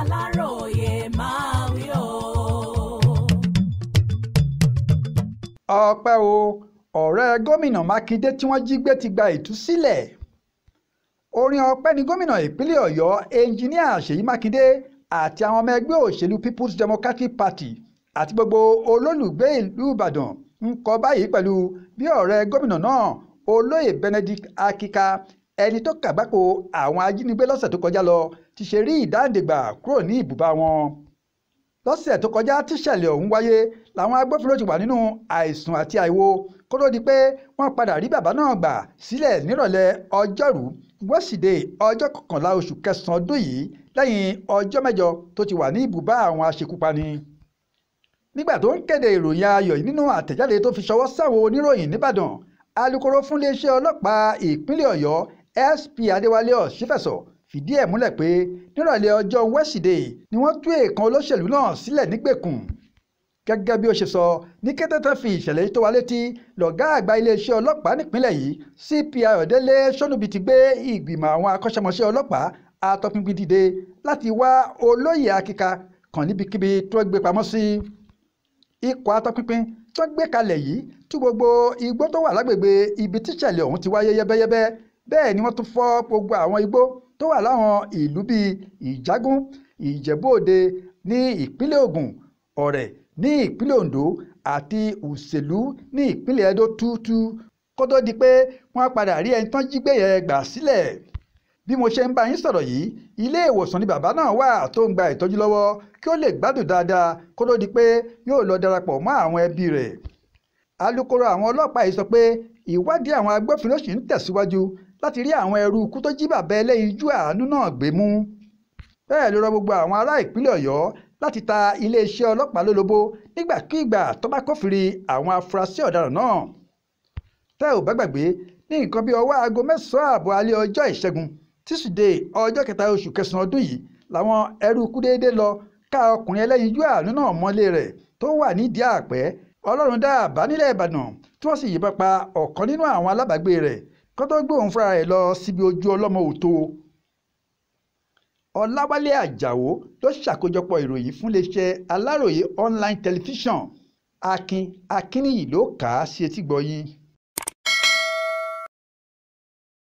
aláròye máa wí o. ọpẹ́ o ọ̀rẹ́ gómìnà mákindé tí wọ́n jí gbé ti gba ìtúsílẹ̀ orin ọpẹ́ ni gómìnà ìpínlẹ̀ ọ̀yọ́ ẹnjiníà ṣèyí mákindé àti àwọn ọmọ ẹgbẹ́ òṣèlú people's democratic party àti gbogbo olólùgbé ìlú ìbàdàn ń kọ báyìí pẹ̀lú bí ọ̀rẹ́ gómìnà náà olóyè benedict akika ẹni tó kàgbákò àwọn ajínigbé lọ́sẹ̀ tó kọjá lọ ti ṣe rí ìdáǹdègbà kúrò ní ibùba wọn lọ́sẹ̀ tó kọjá tíṣẹ̀lẹ̀ ọ̀hún wáyé làwọn agbófinró ti wà nínú àìsùn àti àìwo kó tó di pé wọ́n padà rí bàbá náà gbà sílẹ̀ nírọ̀lẹ́ ọjọ́rú wẹ́sídẹ̀ẹ́ ọjọ́ kọkànlá oṣù kẹsàn-án ọdún yìí lẹ́yìn ọjọ́ mẹ́jọ tó ti wà ní ibùbá àwọn aṣekúpani nígbà tó ń kéde ìròyìn ayọ̀ nínú àtẹ̀jáde tó fi ṣọwọ́ sáwọn oníròyìn nìbàdàn alukoro fún ọlọ́pàá ìpínlẹ̀ ọ̀yọ́ sp adéwálé ọ̀ṣífẹ̀sọ fìdí ẹ̀ múlẹ̀ pé nírọ̀lẹ́ ọjọ́ wẹ́sídẹ̀ẹ́ ni wọ́n tú èèkàn olóṣèlú náà sílẹ̀ nígbèkùn gẹ́gẹ́ bí ó ṣe sọ ní kété tán fi ìṣẹ̀lẹ̀ yìí tó wa létí lọ̀gá àgbà iléeṣẹ́ ọlọ́pàá nípínlẹ̀ yìí cp ayọ̀délé sọ́nùbí ti gbé ìgbìmọ̀ àwọn akọ́ṣẹ́mọṣẹ́ ọlọ́pàá atọ́pinpin dìde láti wá olóyè akíka kan níbikíbi tó gbé pamọ́ sí ikọ̀ atọ́pinpin tó gbé kalẹ̀ yìí tú gbogbo igbó tó wà lágbègbè ibi tíṣẹ̀lẹ̀ ọ̀hún ti wáyé yẹ́bẹ́yẹ́bẹ́ bẹ́ẹ̀ ni wọ́n tún fọ́ gbogbo àwọn igbó tó wà láwọn ìlú bíi ìjágún ìjẹ̀bú-òde ní ìpínlẹ̀ Ògùn ọ̀rẹ̀ ní ìpínlẹ̀ Ondo àti òṣèlú ní ìpínlẹ̀ Edo túútú kó tó di pé wọ́n padà rí ẹni tán jí gbé yẹn gbà sílẹ̀ bí mo ṣe ń bá yín sọ̀rọ̀ yìí ilé ìwòsàn ni bàbá náà wà tó ń gba ìtọ́jú lọ́wọ́ kí ó lè gbádùn dáadáa kó tó di pé yóò lọ darapọ̀ mọ́ àwọn ẹbí rẹ̀ alukoro àwọn ọlọ́pàá yìí sọ pé ìwádìí àwọn agbófinró sì ń tẹ̀síwájú láti rí àwọn ẹrú ikú tó jí bàbá ẹlẹ́yinjú àánú náà gbé mú bẹ́ẹ̀ ló rọ gbogbo àwọn ará ìpínlẹ̀ ọ̀yọ́ láti ta iléeṣẹ́ ọlọ́pàá lólobó nígbàkigbà tó bá kófìrí àwọn afurasí ọ̀daràn náà tẹ́ ò bá gbàgbé ní nǹkan bíi ọwọ́ aago mẹ́sàn-án ààbọ̀ alẹ́ ọjọ́ ìṣẹ́gun tíṣídẹ̀ẹ́ ọjọ́ kẹta oṣù kẹsàn-án ọdún yìí làwọn ẹrú ikú déédéé lọ ká ọkùnrin ẹlẹ́yinjú àánú náà mọ́lé rẹ̀ tó wà nídìí àpẹ́ ọlọ́run dáàbá nílẹ̀ ìbàdàn tí wọ́n sì yìnbọn pa ọ̀kan nínú àwọn alábàágbé rẹ̀ kó tó gbé òun fúnra rẹ̀ lọ síbi ojú ọlọ́mọ òtó ọláwálé àjàó ló ṣàkójọpọ̀ ìròyìn fún iléeṣẹ́ aláròye online television akin akínníyì ló kà á sí etí gbọ̀yìn.